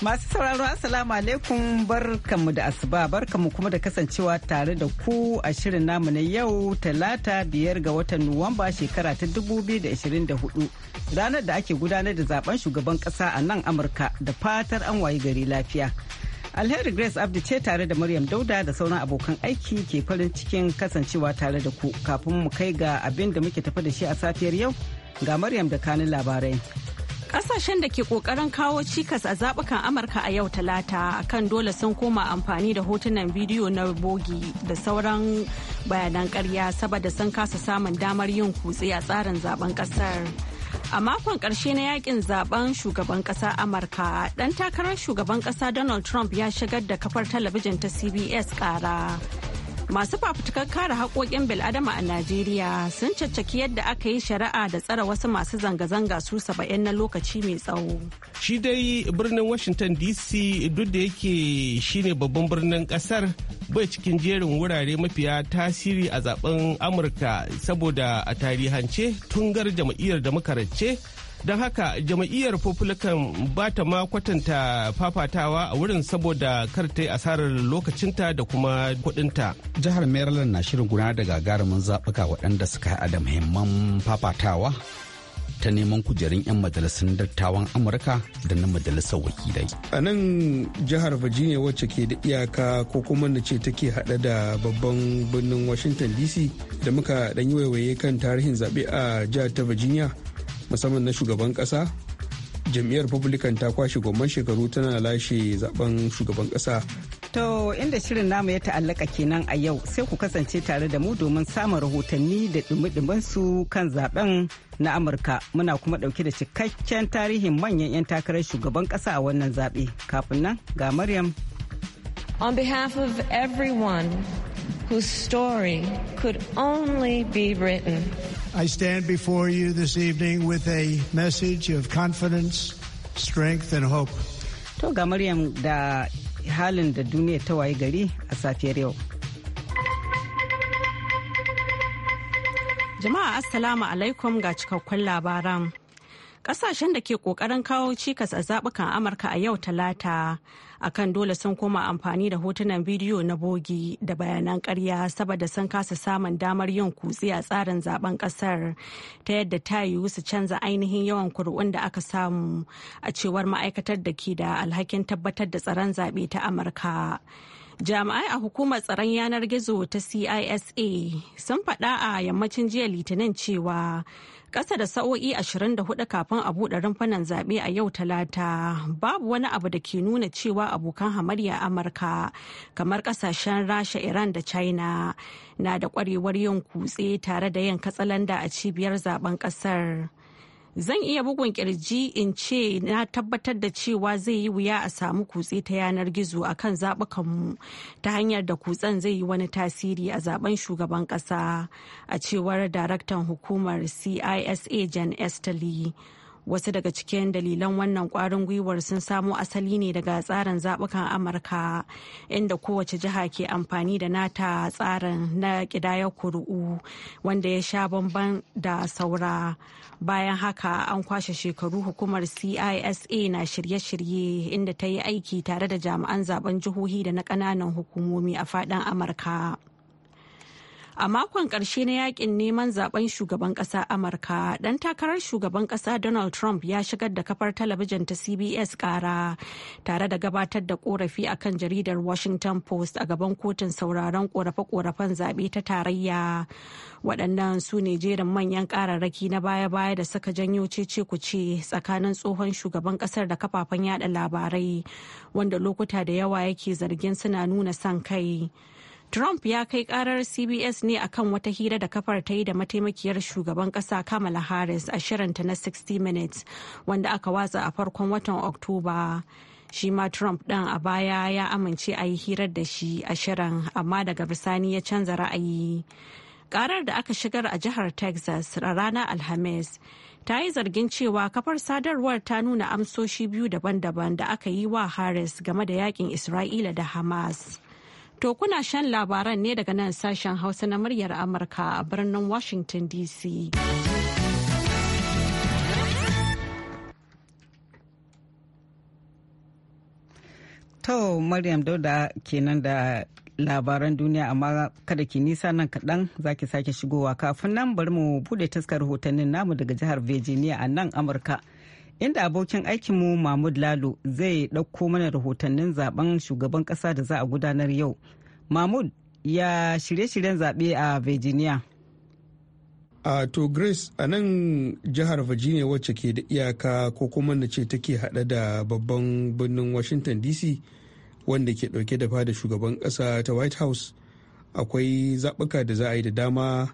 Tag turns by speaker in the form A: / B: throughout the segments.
A: Masu sauraro Assalamu alaikum barkanmu da asuba barkanmu kuma da kasancewa tare da ku a shirin namu na yau talata biyar ga watan Nuwamba shekara ta 2024 ranar da ake gudanar da zaben shugaban kasa a nan Amurka da fatar an wayi gari lafiya. Alheri Grace Abdi ce tare da Maryam Dauda da sauran abokan aiki ke farin cikin kasancewa tare da ku kafin mu kai ga abin da muke tafi da shi a safiyar yau ga Maryam da kanin labarai.
B: Kasashen da ke kokarin kawo cikas a zabukan Amurka a yau talata akan dole sun koma amfani da hotunan bidiyo na bogi da sauran bayanan karya saboda sun kasa samun damar yin kutse a tsarin zaben kasar. A makon karshe na yakin zaben shugaban kasa Amurka, dan takarar shugaban kasa Donald Trump ya shigar da kafar talabijin ta CBS kara. Masu fafutukar kare haƙoƙin bil'adama a Najeriya sun caccaki yadda aka yi shari'a da tsare wasu masu zanga-zanga su saba'in na lokaci mai tsawo.
C: Shi dai birnin Washington DC duk da yake shine babban birnin kasar bai cikin jerin wurare mafiya tasiri a zaben Amurka saboda a tarihance tungar jam'iyyar da makarance don haka jam'iyyar republican ba ta ma kwatanta fafatawa a wurin saboda kar ta yi asarar lokacinta da kuma kudinta
D: jihar maryland na shirin guna da gagarumin zaɓuka waɗanda suka haɗa da muhimman fafatawa ta neman kujerun 'yan majalisun dattawan amurka da na majalisar wakilai
E: a nan jihar virginia wacce ke da iyaka ko kuma na ce take hada da babban birnin washington dc da muka ɗan yi waiwaye kan tarihin zaɓe a jihar ta virginia musamman na shugaban kasa jam'iyyar republican ta kwashe gomman shekaru tana lashe zaben shugaban kasa.
A: To inda shirin namu ya ta'allaka kenan a yau sai ku kasance tare da mu domin samun rahotanni da dumi su kan zaben na Amurka. Muna kuma dauke da cikakken tarihin manyan 'yan takarar shugaban kasa a wannan zaɓe. Kafin nan ga Maryam.
B: On behalf of everyone whose story could only be written.
F: I stand before you this evening with a message of
A: confidence, strength, and hope. To ga Maryam da halin da duniya
B: ta waye gari a safiyar yau. Jama'a Assalamu alaikum ga cikakkun labaran. Ƙasashen da ke ƙoƙarin kawo cikas a zaɓukan Amurka a yau talata akan dole sun koma amfani da hotunan bidiyo na bogi da bayanan karya saboda sun kasa samun damar yin kutse a tsarin zaben ƙasar ta yadda ta yiwu su canza ainihin yawan kuri'un da aka samu a cewar ma'aikatar da ke da alhakin tabbatar da tsaron zaɓe ta Amurka. jami'ai a hukumar tsaron yanar gizo ta cisa sun faɗa a yammacin jiya litinin cewa Ƙasa da sa'o'i 24 kafin a buɗe rumfunan zaɓe a yau talata babu wani abu da ke nuna cewa abokan hamarya Amurka kamar ƙasashen Rasha, Iran da China na da ƙwarewar yin kutse tare da yin katsalanda a cibiyar zaben ƙasar. zan iya bugun kirji in ce na tabbatar da cewa zai yi wuya a samu kutse ta yanar gizo a kan zaɓukanmu ta hanyar da kutsen zai yi wani tasiri a zaben shugaban ƙasa a cewar daraktan hukumar cisa jan estelle wasu daga cikin dalilan wannan kwarin gwiwar sun samo asali ne daga tsarin zabukan amurka inda kowace jiha ke amfani da nata tsarin na kidayar kuri'u wanda ya sha bamban da saura bayan haka an kwashe shekaru hukumar cisa na shirye-shirye inda ta yi aiki tare da jami'an zaben jihohi da na ƙananan hukumomi a faɗin amurka A makon ƙarshe na yakin neman zaben shugaban ƙasa Amurka, ɗan takarar shugaban ƙasa Donald Trump ya shigar da kafar talabijin ta CBS ƙara tare da gabatar da ƙorafi a kan jaridar Washington Post a gaban kotun sauraron ƙorafe korafen zaɓe ta tarayya. Waɗannan su ne jerin manyan ƙararraki na baya-baya da suka janyo cece kuce tsakanin tsohon shugaban ƙasar da kafafen yada labarai wanda lokuta da yawa yake zargin suna nuna son kai. Trump ya kai karar CBS ne akan wata hira da kafar ta yi da mataimakiyar shugaban kasa Kamala Harris a shirinta na 60 Minutes wanda aka watsa a farkon watan Oktoba. Shi ma Trump ɗin a baya ya amince a yi hirar da shi a shirin amma daga bisani ya canza ra'ayi. Karar da aka shigar a jihar Texas a ranar Alhamis ta yi zargin cewa kafar sadarwar ta nuna amsoshi biyu daban-daban da aka yi wa Harris game da yakin Isra'ila da Hamas. To kuna shan labaran ne daga nan sashen Hausa na muryar Amurka a birnin Washington DC.
A: To Maryam Dauda kenan da labaran duniya amma kada ki nisa nan kaɗan za ki sake shigowa kafin nan bari mu bude taskar hotannin namu daga jihar Virginia a nan Amurka. inda abokin aikinmu mahmud lalo zai ɗauko mana rahotannin zaben shugaban ƙasa da za a gudanar yau mahmud ya shirye-shiryen zaɓe a virginia
E: a to grace a nan jihar virginia wacce ke da iyaka ko kuma na ce take hada da babban birnin washington dc wanda ke dauke da fada shugaban kasa ta white house akwai zaɓuka da za a yi da dama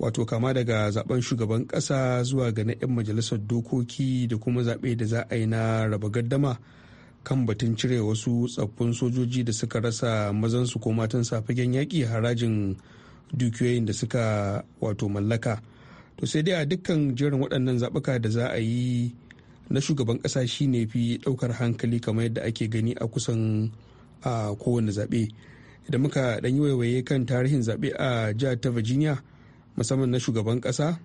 E: wato kama daga zaben shugaban kasa zuwa ga na 'yan majalisar dokoki da kuma zaɓe da za a yi na raba gaddama kan batun cire wasu tsaffin sojoji da suka rasa mazansu ko matan fagen yaƙi harajin dukiyoyin da suka wato mallaka to sai dai a dukkan jerin waɗannan zaɓuka da za a yi na shugaban ƙasa ne fi ɗaukar hankali kamar yadda ake gani a kusan a kowane zaɓe idan muka ɗan yi waiwaye kan tarihin zaɓe a jihar ta virginia musamman na shugaban kasa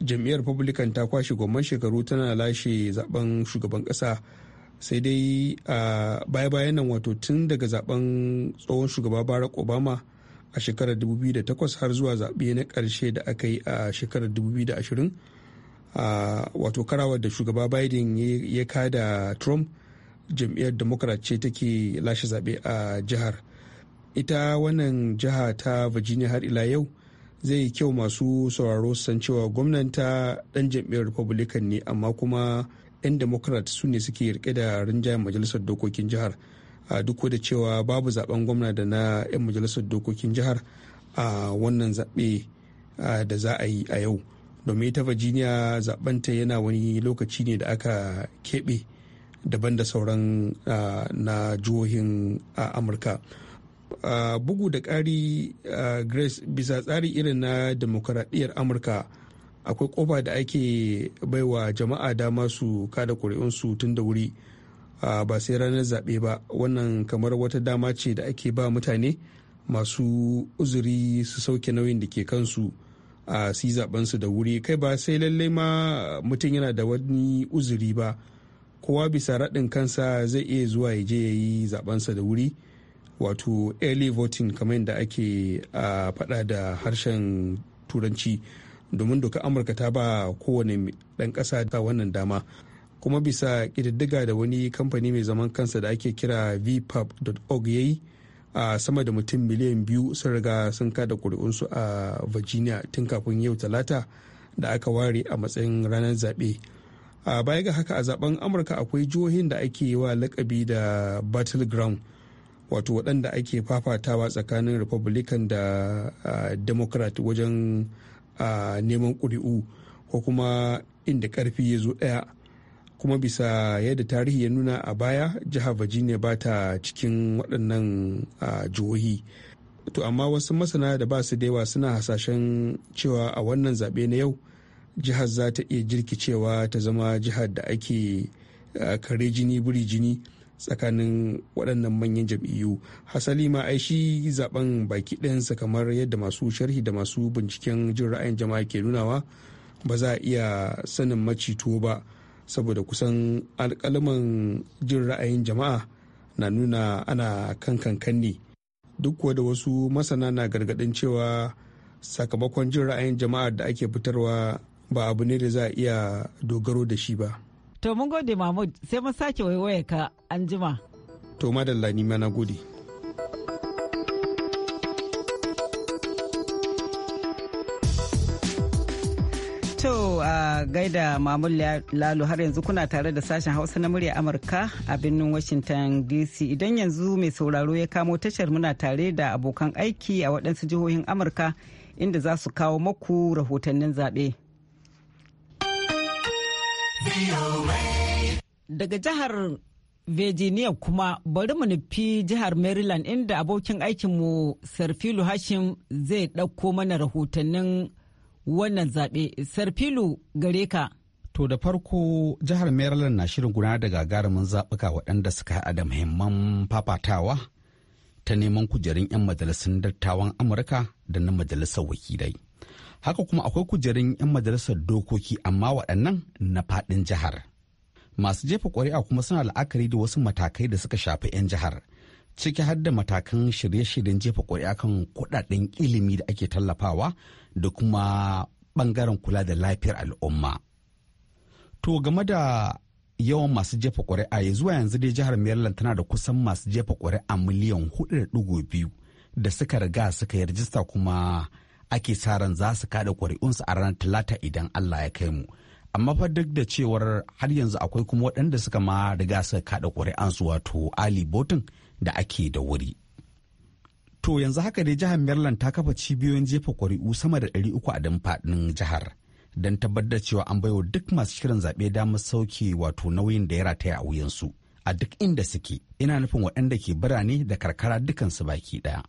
E: jam'iyyar republican ta kwashe gwamman shekaru tana lashe zaben shugaban kasa sai dai a baya-bayan nan wato tun daga zaben tsohon shugaba barack obama a shekarar 2008 har zuwa zaɓe na ƙarshe da aka yi a shekarar 2020 wato karawar da shugaba biden ya kada trump jam'iyyar democrat ce take lashe zaɓe a jihar ita wannan jiha ta virginia har ila yau zai yi kyau masu sauraro san cewa gwamnan ta ɗan jam'iyyar republican ne amma kuma 'yan democrat su ne suke rike da rinjayen majalisar dokokin jihar a duk da cewa babu zaben gwamna da na 'yan majalisar dokokin jihar a wannan zaɓe da za a yi a yau domin ita virginia zaɓenta yana wani lokaci ne da aka keɓe daban da sauran na jihohin amurka bugu da ƙari grace bisa tsari irin na demokaradiyyar amurka akwai ƙofa da ake baiwa jama'a dama su kada ƙuri'unsu tun da wuri ba sai ranar zaɓe ba wannan kamar wata dama ce da ake ba mutane masu uzuri su sauke nauyin da ke kansu a si zaɓensu da wuri kai ba sai lallai ma mutum yana da wani uzuri ba kowa bisa raɗin kansa zai iya zuwa ya je ya yi zaɓensa da wuri wato early voting kamar yadda ake a faɗa da harshen turanci domin doka amurka ta ba kowane ɗan ƙasa ta wannan dama kuma bisa ƙididdiga da wani kamfani mai zaman kansa da ake kira vpub.org ya yi a sama da mutum miliyan biyu sun riga sun kada kuri'unsu a virginia tun kafin yau talata da aka ware a matsayin ranar zaɓe a baya ga haka a zaben amurka akwai jihohin da ake yi wa lakabi da battleground wato waɗanda ake fafatawa tsakanin republican da democrat wajen neman ƙuri'u ko kuma inda ƙarfi ya zo ɗaya kuma bisa yadda tarihi ya nuna a baya jihar virginia ba ta cikin waɗannan jihohi to amma wasu masana da ba su da yawa suna hasashen cewa a wannan zaɓe na yau jihar za ta iya jirkicewa ta zama jihar da ake kare jini buri jini tsakanin waɗannan manyan jam'iyyu hasali ma ai shi zaben baki ɗayansa kamar yadda masu sharhi da masu binciken jin ra'ayin jama'a ke nunawa ba za a iya sanin macito ba saboda kusan alƙalaman jin ra'ayin jama'a na nuna ana kan kankan ne duk kuwa da wasu masana na gargaɗin cewa sakamakon jin ra'ayin jama'a da ake fitarwa ba abu ne da za a iya dogaro da shi ba.
A: To mun gode Mahmud sai mun sake waiwaye ka an jima.
E: To madalla ni na gode.
A: To a gaida Mahmud lalu har yanzu kuna tare da sashen Hausa na murya Amurka a birnin Washington DC. Idan yanzu mai sauraro ya kamo tashar muna tare da abokan aiki a waɗansu jihohin Amurka inda za su kawo maku rahotannin zaɓe. Daga jihar Virginia kuma bari mu nufi jihar Maryland inda abokin aikinmu Sarfilu Hashim zai ɗauko mana rahotannin
D: wannan zaɓe. Sarfilu gare ka. To da farko jihar Maryland na shirin guna da gagarumin zaɓuka waɗanda suka haɗa da muhimman fafatawa ta neman kujerun 'yan majalisun dattawan Amurka da na majalisar wakilai. haka kuma akwai kujerun 'yan majalisar dokoki amma waɗannan na faɗin jihar masu jefa ƙuri'a kuma suna la'akari da wasu matakai da suka shafi 'yan jihar ciki har da matakan shirye-shiryen jefa ƙuri'a kan kuɗaɗen ilimi da ake tallafawa da kuma ɓangaren kula da lafiyar al'umma to game da yawan masu jefa ƙuri'a ya zuwa yanzu dai jihar maryland tana da kusan masu jefa ƙuri'a miliyan 4.2 da suka riga suka yi rajista kuma ake sa ran za su kada ƙuri'unsu a ranar talata idan allah ya kai mu amma fa duk da cewar har yanzu akwai kuma waɗanda suka ma riga suka kada su wato ali botin da ake da wuri to yanzu haka dai jihar maryland ta kafa cibiyoyin jefa ƙuri'u sama da ɗari uku a dan faɗin jihar don tabbatar cewa an baiwa duk masu shirin zaɓe damar sauke wato nauyin da ya rataya a wuyansu a duk inda suke ina nufin waɗanda ke birane da karkara dukansu baki ɗaya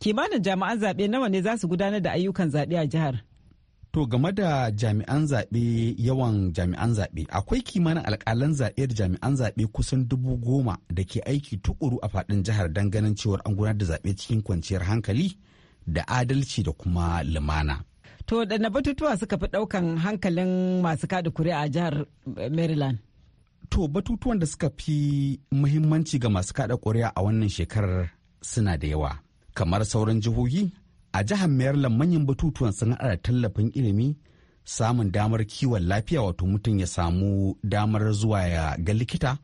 D: kimanin jami'an zaɓe nawa ne za su gudanar da ayyukan zaɓe a jihar to game da jami'an zaɓe yawan jami'an zaɓe akwai kimanin alƙalan zaɓe da jami'an zaɓe kusan dubu goma da ke aiki tukuru a faɗin jihar don ganin cewar an gudanar da zaɓe cikin kwanciyar hankali da adalci da kuma lumana
A: to da na batutuwa suka fi ɗaukan hankalin masu kada kuri'a a jihar maryland
D: to batutuwan da suka fi muhimmanci ga masu kaɗa kuri'a a wannan shekarar suna da yawa kamar sauran jihohi a jihar maryland manyan batutuwan sun hada tallafin ilimi samun damar kiwon lafiya wato mutum ya samu damar zuwa ya ga likita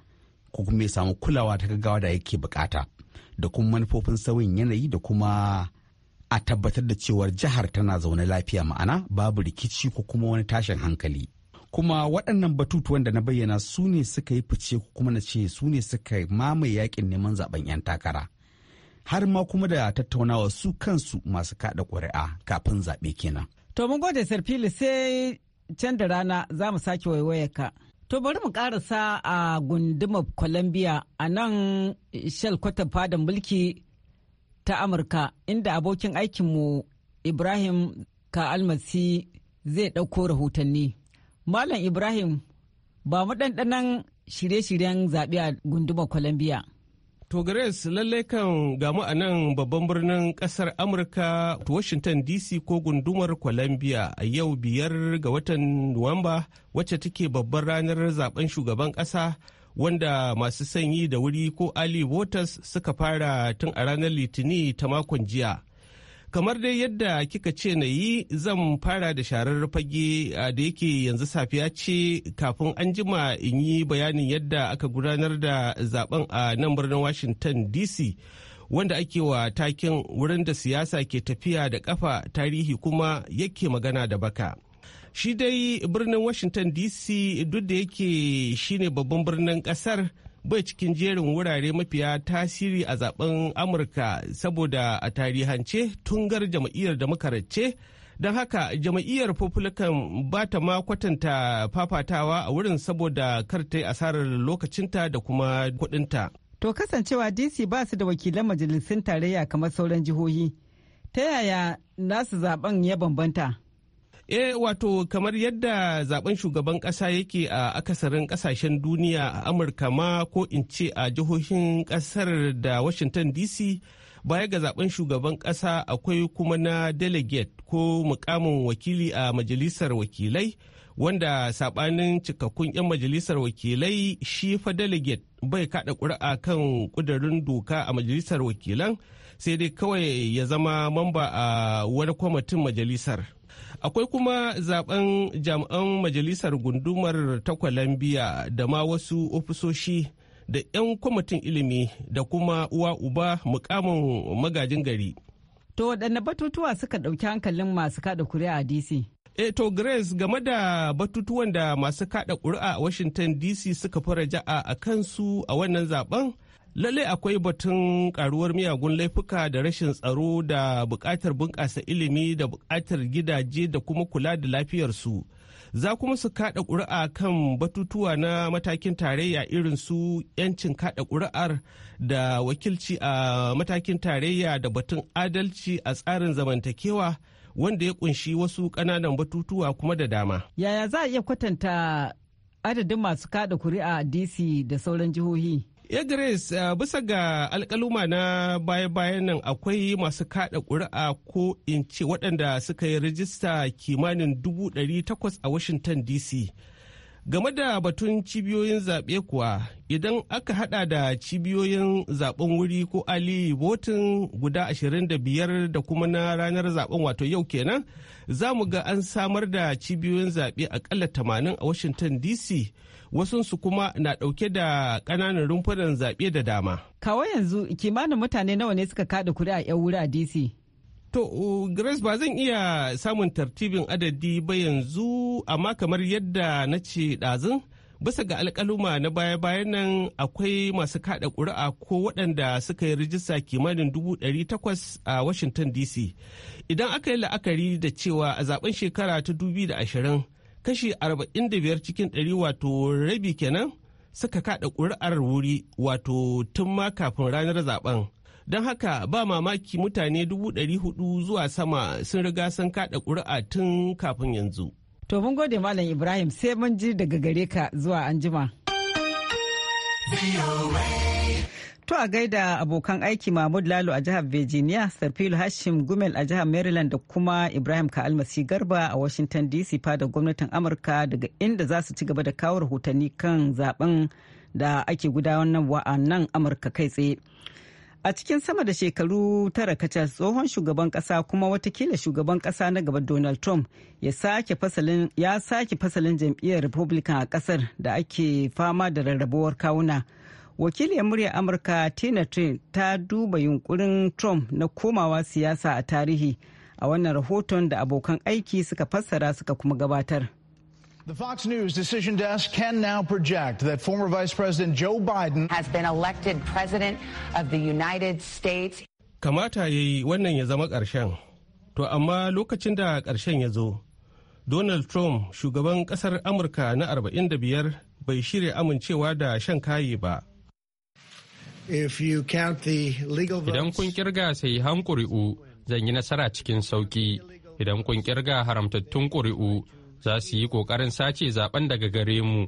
D: ko kuma ya samu kulawa ta gaggawa da yake bukata da kuma manufofin sauyin yanayi da kuma a tabbatar da cewar jihar tana zaune lafiya ma'ana babu rikici ko kuma wani tashin hankali kuma waɗannan batutuwan da na bayyana su ne suka yi fice ko kuma na ce su ne suka mamaye yakin neman zaben 'yan takara har ma kuma da tattaunawa su kansu masu kada ƙuri'a kafin zaɓe kenan. To
A: mun gode Sarfili sai can da rana za mu sake waiwaye ka. To bari mu karasa a gundumar Columbia a nan kwatar fadan mulki ta Amurka inda abokin aikinmu Ibrahim ka almasi zai ɗauko rahotanni. Malam Ibrahim ba mu ɗanɗanan shirye-shiryen zaɓe a gundumar Columbia.
C: To Grace lalle kan gamu a nan babban birnin kasar Amurka Washington DC ko gundumar Columbia a yau biyar ga watan Nuwamba wacce take babbar ranar zaben shugaban kasa wanda masu sanyi da wuri ko Ali Waters suka fara tun a ranar Litini ta makon jiya. kamar dai yadda kika ce na yi zan fara da sharar fage da yake yanzu safiya ce kafin an jima in yi bayanin yadda aka gudanar da zaben a nan birnin washington dc wanda ake wa takin wurin da siyasa ke tafiya da kafa tarihi kuma yake magana da baka shi dai birnin washington dc duk da yake shine babban birnin kasar bai cikin jerin wurare mafiya tasiri a zaben amurka saboda a tarihance tungar jam'iyyar da makarace don haka jam'iyyar republican ba ta ma kwatanta fafatawa a wurin saboda kar ta yi asarar lokacinta da kuma kudinta
A: to kasancewa dc ba su da wakilan majalisun tarayya kamar sauran jihohi ta yaya nasu zaben ya bambanta
C: e wato kamar yadda zaben shugaban kasa yake a akasarin kasashen duniya a Amurka ma ko in ce a jihohin kasar da Washington DC baya ga zaben shugaban kasa akwai kuma na delegate ko mukamin wakili a majalisar wakilai wanda sabanin cikakkun 'yan majalisar wakilai shi fa delegate bai kada ƙuri'a kan kudurin doka a majalisar wakilan sai dai kawai ya zama mamba a wani kwamitin majalisar. akwai kuma zaben jami'an majalisar gundumar ta kwalambiya da ma wasu ofisoshi da 'yan kwamitin ilimi da kuma uwa uba mukamin magajin gari
A: to waɗanne batutuwa
C: suka ɗauki hankalin
A: masu kada kuri'a a dc
C: e eh to grace game da batutuwan da masu kaɗa kuri'a a washington dc suka fara ja'a a kansu a wannan zaben lallai akwai batun karuwar miyagun laifuka da rashin tsaro da buƙatar bunƙasa ilimi da buƙatar gidaje da kuma kula da lafiyarsu za kuma su kaɗa ƙuri'a kan batutuwa na matakin tarayya irin su 'yancin kaɗa ƙuri'ar da wakilci a matakin tarayya da batun adalci a tsarin zamantakewa wanda ya ƙunshi wasu ƙananan batutuwa kuma da dama
A: yaya za a iya kwatanta adadin masu kaɗa ƙuri'a dc da sauran jihohi
C: ya grace bisa ga alkaluma na baya-bayan nan akwai masu kada ƙuri'a ko in ce waɗanda suka yi rajista kimanin 800 a washington dc game da batun cibiyoyin zaɓe kuwa idan aka hada da cibiyoyin zaben wuri ko ali botin guda 25 da kuma na ranar zaben wato yau kenan za mu ga an samar da cibiyoyin zaɓe akalla 80 a washington dc wasunsu kuma na ɗauke da ƙananan rumfunan zaɓe da dama.
A: Kawo yanzu kimanin mutane nawa ne suka kaɗa kuri'a 'yan wuri a DC?
C: To, Grace ba zan iya samun tartibin adadi ba yanzu, amma kamar yadda na ce ɗazun, bisa ga alkaluma na baya-bayan nan akwai masu kada ƙuri'a ko waɗanda suka yi rijista kimanin dubu ɗari takwas a washington dc idan aka yi la'akari da cewa a zaben shekara ta dubi da ashirin kashi 45 cikin 100 wato rabi kenan suka kada ƙuri'ar wuri wato tun ma kafin ranar zaben don haka ba mamaki mutane 400 zuwa sama sun riga sun kada ƙuri'a tun kafin yanzu
A: to mun gode malam ibrahim sai mun ji daga gare ka zuwa anjima. To a gaida abokan aiki Mahmud Lalo a jihar Virginia, Sarfilu Hashim Gumel a jihar Maryland da kuma Ibrahim Ka'almasi Garba a Washington DC fada gwamnatin Amurka daga inda za su ci gaba da kawo rahotanni kan zaben da ake gudanarwa a nan Amurka kai tsaye. A cikin sama da shekaru tara kacal tsohon shugaban kasa kuma watakila shugaban kasa na gaba Donald Trump ya sake fasalin ya sake fasalin jam'iyyar Republican a kasar da ake fama da rarrabuwar kawuna. wakiliyar murya amurka tina trin ta duba yunkurin trump na komawa siyasa a tarihi a wannan rahoton da abokan aiki suka fassara suka kuma gabatar
G: The Fox News decision desk can now project that former Vice President Joe Biden has been elected President of the United States.
C: Kamata ya yi wannan ya zama ƙarshen. To amma lokacin da ƙarshen ya zo, Donald Trump, shugaban ƙasar Amurka na 45 bai shirya amincewa da shan kayi ba.
F: Idan kun
C: kirga sai han ƙuri'u zan yi nasara cikin sauƙi. Idan kun kirga haramtattun ƙuri'u za su yi ƙoƙarin sace zaben daga gare mu.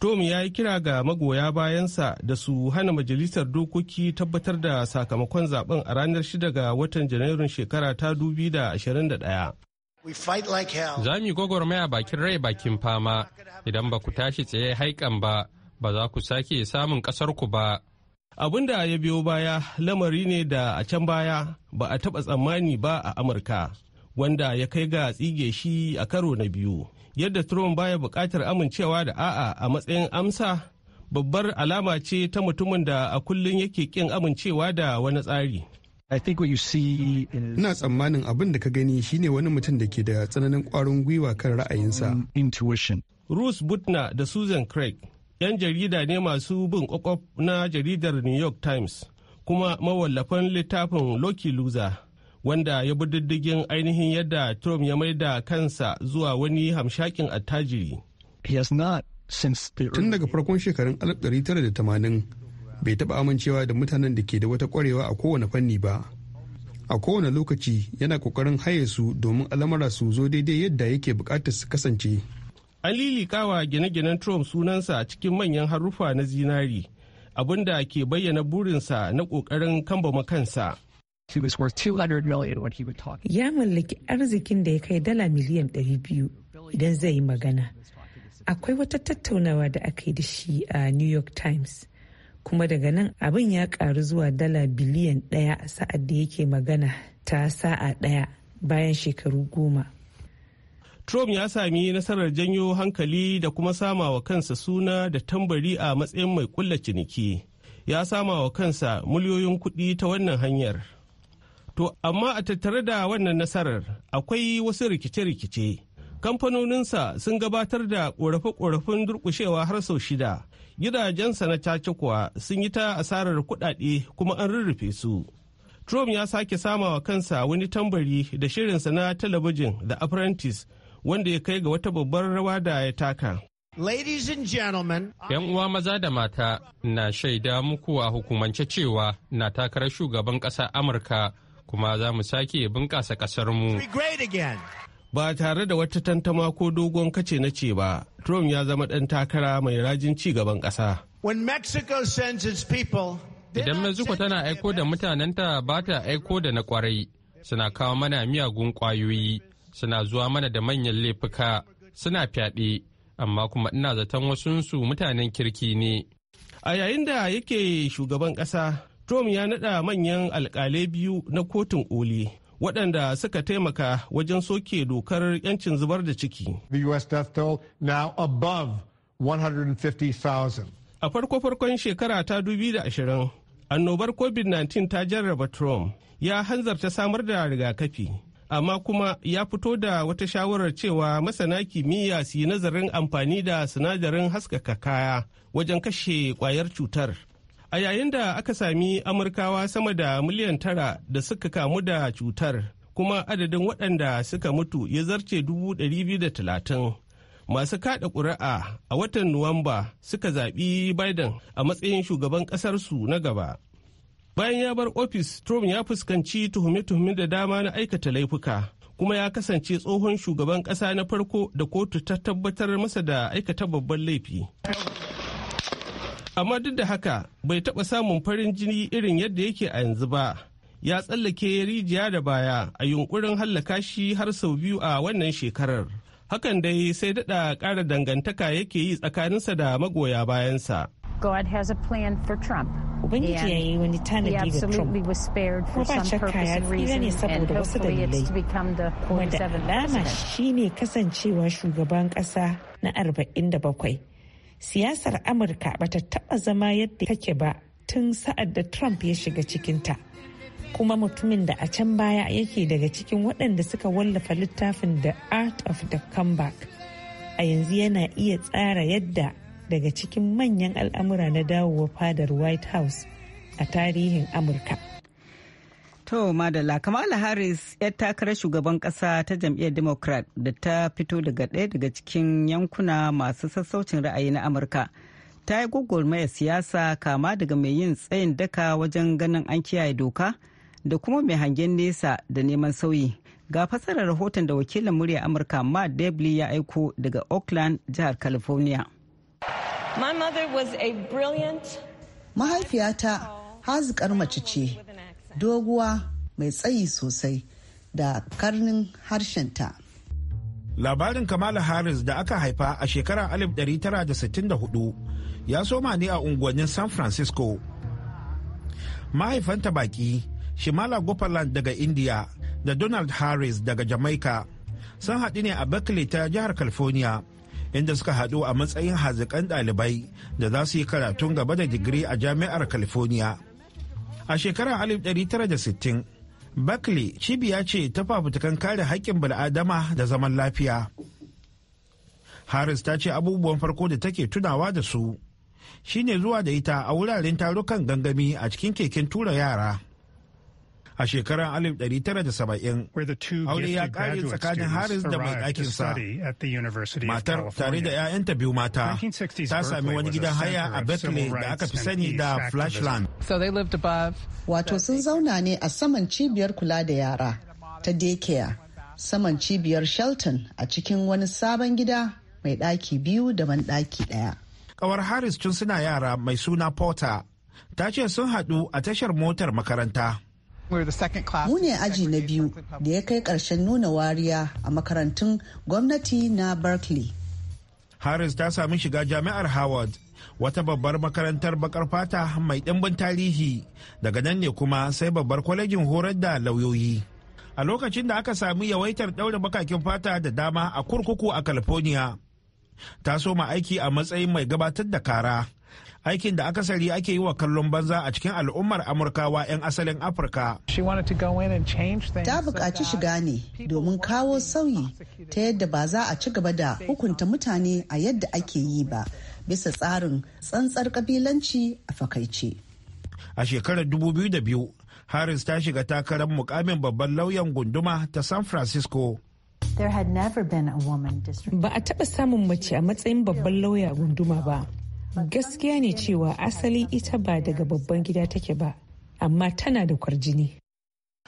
C: Tom ya yi kira ga magoya bayansa da su hana majalisar dokoki tabbatar da sakamakon zaben a ranar 6 ga watan janairun shekara ta da 2021. Za mu yi gwagwarmaya bakin rai bakin fama, idan ba ku tashi tsaye haikan ba, ba za ku sake samun ku ba. abin da ya biyo baya lamari ne da a can baya ba a taɓa tsammani ba a amurka wanda ya kai ga tsige shi a karo na biyu yadda trump baya buƙatar amincewa da a'a a matsayin amsa babbar alama ce ta mutumin da a kullum yake ƙin amincewa da wani tsari Ina
E: tsammanin abin da ka gani shine wani mutum da ke da tsananin kwarin gwiwa kan ra'ayinsa.
C: Ruth Butner da Susan Craig 'yan jarida ne masu bin kwakwaf na jaridar new york times kuma mawallafan littafin loki luza wanda ya bi diddigin ainihin yadda trump ya maida kansa zuwa wani hamshakin attajiri
E: tun daga farkon shekarun 1980 bai taba amincewa da mutanen da ke da wata kwarewa a kowane fanni ba a kowane lokaci yana kokarin haye su domin alamara su zo daidai yadda yake bukatar su kasance
C: An lilikawa gine-ginen Trump sunansa cikin manyan haruffa na zinari, abinda ke bayyana burinsa na ƙoƙarin kambama kansa.
G: Ya mallaki arzikin da ya kai dala miliyan 200 idan zai yi magana. Akwai wata tattaunawa da aka yi da shi a New York Times. Kuma daga nan abin ya karu zuwa dala biliyan ɗaya sa'ad da yake magana ta sa'a ɗaya bayan shekaru goma.
C: Trump ya sami nasarar janyo hankali da kuma sama wa kansa suna da tambari a matsayin mai kulla ciniki. Ya sama wa kansa miliyoyin kuɗi ta wannan hanyar. To, amma a tattare da wannan nasarar akwai wasu rikice-rikice. Kamfanoninsa sun gabatar da ƙorafe-ƙorafen durƙushewa har sau shida. Gidajensa na caci kuwa sun yi ta asarar kuɗaɗe kuma an rurrufe su. Trump ya sake samawa kansa wani tambari da shirinsa na talabijin The Apprentice wanda ya kai ga wata babbar rawa da ya taka.
F: Ladies and
C: ‘yan uwa maza da mata na shaida muku a hukumance cewa na takarar shugaban ƙasa Amurka kuma za mu sake bunƙasa ƙasarmu. Ba tare da wata tantama ko dogon kace na ce ba, Trump ya zama ɗan takara mai rajin ci gaban ƙasa.
F: When Mexico sends its Idan
C: Mexico tana aiko da mutanenta ba ta aiko da na kwarai, suna kawo mana miyagun ƙwayoyi. suna zuwa mana da manyan laifuka suna fyaɗe amma kuma ina zaton wasunsu mutanen kirki ne. A yayin da yake shugaban ƙasa, Trump ya naɗa manyan alƙalai biyu na kotun oli waɗanda suka taimaka wajen soke dokar 'yancin zubar da ciki.
E: The U.S. death toll now above 150,000.
C: A farko-farkon shekara ta 2020, annobar COVID-19 ta jarraba Trump ya hanzarta samar da rigakafi. amma kuma ya fito da wata shawarar cewa masana kimiyya su yi nazarin amfani da sinadarin haskaka kaya wajen kashe kwayar cutar. A yayin da aka sami Amurkawa sama da miliyan tara da suka kamu da cutar, kuma adadin waɗanda suka mutu ya zarce dubu ɗari biyu da talatin. Masu kaɗa ƙuri'a a watan Nuwamba suka zaɓi Biden a matsayin shugaban ƙasarsu na gaba. Bayan ya bar ofis, Trump ya fuskanci tuhume-tuhume da dama na aikata laifuka, kuma ya kasance tsohon shugaban ƙasa na farko da kotu ta tabbatar masa da aikata babban laifi. Amma duk da haka, bai taɓa samun farin jini irin yadda yake a yanzu ba. Ya tsallake rijiya da baya a yunkurin hallaka shi har sau biyu a wannan shekarar. Hakan dai sai daɗa ƙara dangantaka yake yi tsakaninsa da magoya bayansa.
G: God has a plan for Trump. Ubangiji ya wani tanadi ga Trump. Kuma
F: ba tsira ne saboda wasu dalilai.
G: Kuma da alama shi ne kasancewa shugaban ƙasa na 47. Siyasar Amurka ba ta taɓa zama yadda take ba tun sa'ad da Trump ya shiga cikinta. Kuma mutumin da a can baya yake daga cikin waɗanda suka wallafa littafin The Art of the Comeback. A yanzu yana iya tsara yadda daga cikin manyan al'amura na dawowa fadar white house a tarihin amurka
A: To Madalla, Kamala Harris yar takarar shugaban kasa ta jam'iyyar Democrat da ta fito daga ɗaya daga cikin yankuna masu sassaucin ra'ayi na Amurka. Ta yi mai siyasa kama daga mai yin tsayin daka wajen ganin an kiyaye doka da kuma mai hangen nesa da neman sauyi. Ga fasarar rahoton da wakilin murya Amurka Matt Debley ya aiko daga Oakland, jihar California. Mahaifiyata hazikar mace ce,
F: doguwa
A: mai tsayi sosai da karnin harshenta.
F: Labarin Kamala Harris da aka haifa a shekarar 1964 ya soma ne a unguwannin San Francisco. Mahaifanta baki, Shimala Gopalan daga India da Donald Harris daga Jamaica sun haɗu ne a Berkeley ta jihar California. inda suka haɗu a matsayin hazikan ɗalibai da za su yi karatun gaba da digiri a jami'ar california a shekarar 1960 buckley cibiya ce ta fafutukan kare haƙƙin bil'adama da zaman lafiya harris ta ce abubuwan farko da take tunawa da su shine zuwa da ita a wuraren tarukan gangami a cikin keken tura yara a shekarar 1970 aure ya kare tsakanin Harris da mai ɗakinsa. Matar tare da 'ya'yanta biyu mata ta sami wani gidan haya a Berkeley da aka fi sani da Flashland.
A: Wato sun zauna ne a saman cibiyar kula da yara ta Daycare, saman cibiyar Shelton a cikin wani sabon gida mai ɗaki biyu da ban ɗaki ɗaya.
F: Kawar Harris tun suna yara mai suna Porter ta ce sun haɗu a tashar motar makaranta.
A: Mune, aji na biyu da ya kai ƙarshen nuna wariya a makarantun
F: gwamnati na Berkeley. Harris ta sami shiga jami'ar Howard, wata babbar makarantar bakar fata mai ɗimbin tarihi, daga nan ne kuma sai babbar kwalejin horar da lauyoyi. A lokacin da aka sami yawaitar ɗaure bakakin fata da dama a kurkuku a California, ta soma aiki a matsayin mai gabatar da kara. aikin da akasari ake yi wa kallon banza a cikin al'ummar amurkawa 'yan asalin afirka ta
A: buƙaci shiga ne domin kawo sauyi ta yadda ba za a ci gaba da hukunta mutane a yadda ake yi ba bisa tsarin tsantsar kabilanci a fakaice
F: a shekarar 2002 harris ta shiga takarar mukamin babban lauyan gunduma ta san francisco
G: Ba a taɓa samun mace a matsayin babban lauya gunduma ba. Gaskiya ne cewa asali ita ba daga babban gida take ba, amma tana da kwarjini.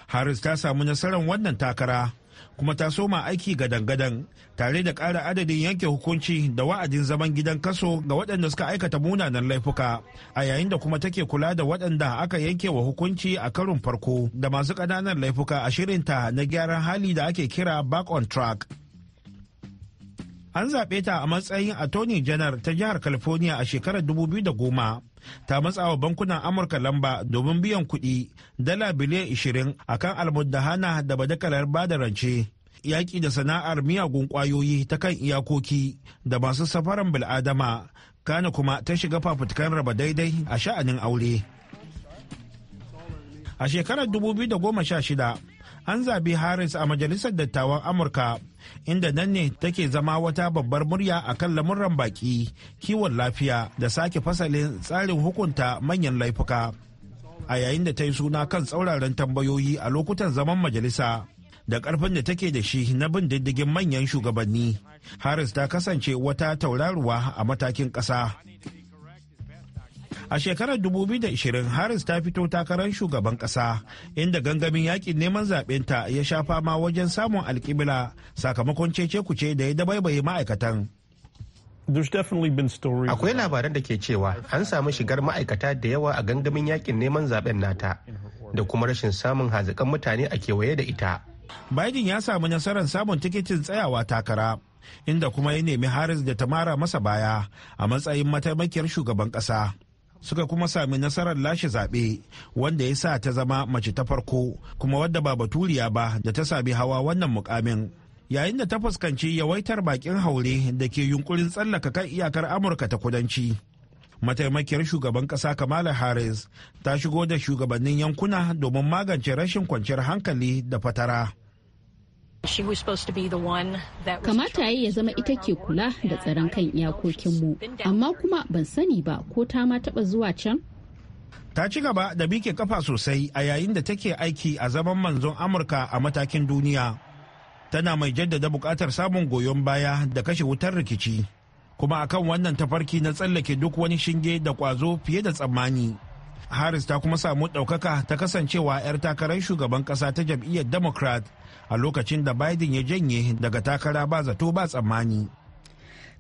F: Harris ta samu nasarar wannan takara kuma ta soma aiki gadan-gadan tare da ƙara adadin yanke hukunci da wa'adin zaman gidan kaso ga waɗanda suka aikata munanan laifuka a yayin da kuma take kula da waɗanda aka yanke wa hukunci a karon farko da masu ƙananan laifuka a shirinta na gyaran hali da ake kira back on track. an zaɓe ta a matsayin attorney general ta jihar california a shekarar 2010 ta wa bankunan amurka lamba domin biyan kuɗi dala biliyan 20 akan almuddahana da badakalar bada rance yaƙi da sana'ar miyagun ƙwayoyi ta kan iyakoki da masu safaran bil'adama kana kuma ta shiga fafutukan raba daidai a sha'anin aure a shekarar 2016 an zabi harris a majalisar dattawan amurka inda nan ne take zama wata babbar murya a kan lamuran baki kiwon lafiya da sake fasalin tsarin hukunta manyan laifuka a yayin da ta yi suna kan tsauraran tambayoyi a lokutan zaman majalisa da karfin da take da shi na bin diddigin manyan shugabanni harris ta kasance wata tauraruwa a matakin ƙasa A shekarar 2020 Harris ta fito takarar shugaban kasa inda gangamin yakin neman ta ya sha fama wajen samun alkibla sakamakon cece-kuce da ya dabaibaye ma'aikatan. Akwai labaran da ke
C: cewa an samu shigar ma'aikata da yawa a gangamin yakin neman zaben nata da kuma rashin
F: samun hazikan mutane a kewaye da ita. Biden ya samu nasarar samun tikitin tsayawa takara. inda kuma ya nemi Harris da ta mara masa baya a matsayin mataimakiyar shugaban ƙasa. suka kuma sami nasarar lashe zaɓe wanda ya sa ta zama mace ta farko kuma wadda ba baturiya ba da ta sami hawa wannan mukamin yayin da ta fuskanci yawaitar bakin haure da ke yunkurin tsallaka kan iyakar amurka ta kudanci mataimakiyar shugaban kasa kamala harris ta shigo da shugabannin yankuna domin magance rashin kwanciyar hankali da fatara
B: Kamata ya zama ita ke kula da tsaron kan iyakokinmu, amma kuma ban sani ba ko ta ma taɓa zuwa can?
F: Ta ci gaba da bike kafa sosai a yayin da take aiki a zaman manzon Amurka a matakin duniya. Tana mai jaddada buƙatar samun goyon baya da kashe wutar rikici, kuma akan wannan tafarki na tsallake duk wani shinge da ƙwazo fiye da tsammani. harris ta kuma samu ɗaukaka ta kasancewa 'yar takarar shugaban ƙasa ta jam'iyyar democrat a lokacin da biden ya janye daga takara ba zato ba tsammani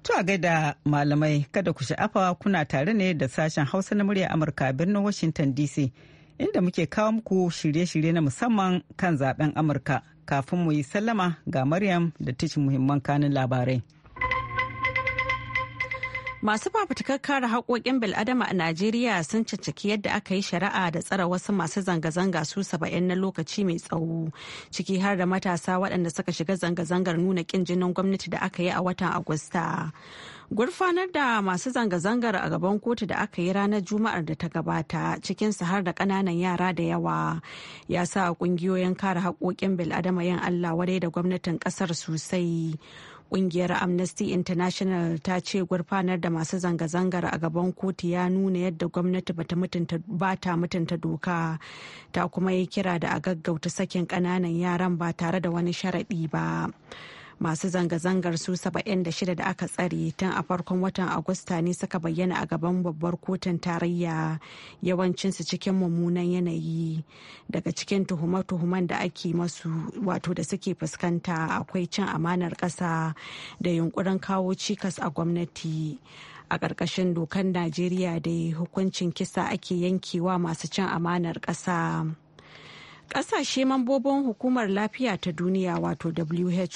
F: To a gaida malamai
A: kada ku sha'afa kuna tare ne da sashen hausa na murya amurka birnin washington dc inda muke kawo muku shirye-shirye na musamman kan zaben amurka kafin mu yi sallama ga maryam da muhimman kanin labarai.
B: Masu fafutukar kare haƙoƙin bil'adama a Najeriya sun caccaki yadda aka yi shari'a da tsara wasu masu zanga-zanga su saba'in na lokaci mai tsawo, ciki har da matasa waɗanda suka shiga zanga-zangar nuna ƙin jinin gwamnati da aka yi a watan Agusta. Gurfanar da masu zanga-zangar a gaban kotu da aka yi ranar Juma'ar da ta gabata su har da ƙananan yara da yawa ya sa ƙungiyoyin kare haƙoƙin bil'adama yin Allah wadai da gwamnatin ƙasar sosai. Kungiyar Amnesty International ta ce gurfanar da masu zanga-zangar a gaban kotu ya nuna yadda gwamnati ba ta mutunta doka ta kuma yi kira da a gaggauta sakin kananan yaran ba tare da wani sharaɗi ba. masu zanga-zangar su 76 da aka tsare tun a farkon watan agusta ne suka bayyana a gaban babbar kotun tarayya yawancinsu cikin mummunan yanayi daga cikin tuhume-tuhumen da ake masu wato da suke fuskanta akwai cin amanar ƙasa da yunkurin kawo cikas a gwamnati a ƙarƙashin dokar najeriya da hukuncin kisa ake yankewa masu cin amanar ƙasa. Ƙasashe mambobin hukumar lafiya ta duniya wato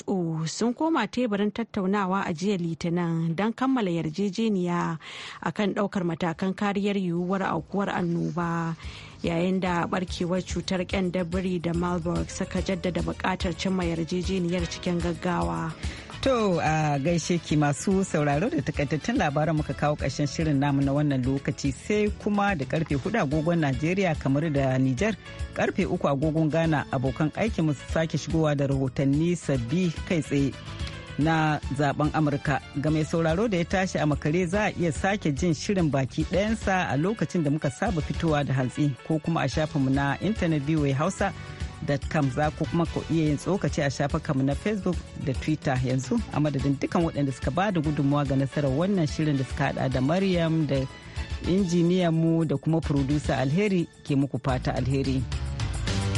B: WHO sun koma teburin tattaunawa a jiya litinin don kammala yarjejeniya akan ɗaukar matakan kariyar yiwuwar aukuwar annoba yayin da barkewar cutar ƙyandabiri da marburg suka jaddada buƙatar cimma yarjejeniyar cikin gaggawa.
A: To a gaishe ki masu sauraro da takaitattun labaran muka kawo ƙarshen shirin namu na wannan lokaci sai kuma da karfe hudu agogon Najeriya kamar da Nijar karfe uku agogon Ghana abokan aiki musu sake shigowa da rahotanni sabbi kai tsaye na zaben Amurka. Ga mai sauraro da ya tashi a makare za a iya sake jin shirin baki ɗayansa a lokacin da muka saba fitowa da hantsi ko kuma a shafinmu na intanet biyu Hausa. facebook.com za ku kuma ku iya yin tsokaci a shafukanmu na facebook da twitter yanzu a madadin dukkan waɗanda suka ba da gudunmawa ga nasarar wannan shirin da suka hada da maryam da injiniyan mu da kuma producer alheri ke muku fata alheri.